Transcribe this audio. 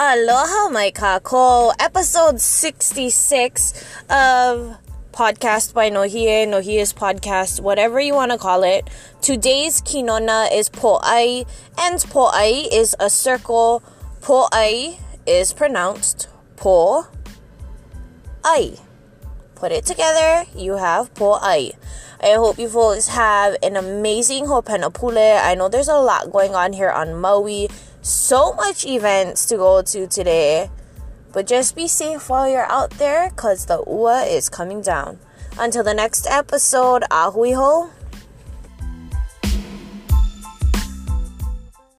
Aloha, my kako. Episode 66 of Podcast by Nohie, Nohie's podcast, whatever you want to call it. Today's kinona is po'ai, and po'ai is a circle. Po'ai is pronounced po ai put it together, you have ai. I hope you folks have an amazing Hopenapule. I know there's a lot going on here on Maui. So much events to go to today. But just be safe while you're out there because the ua is coming down. Until the next episode, ahuiho.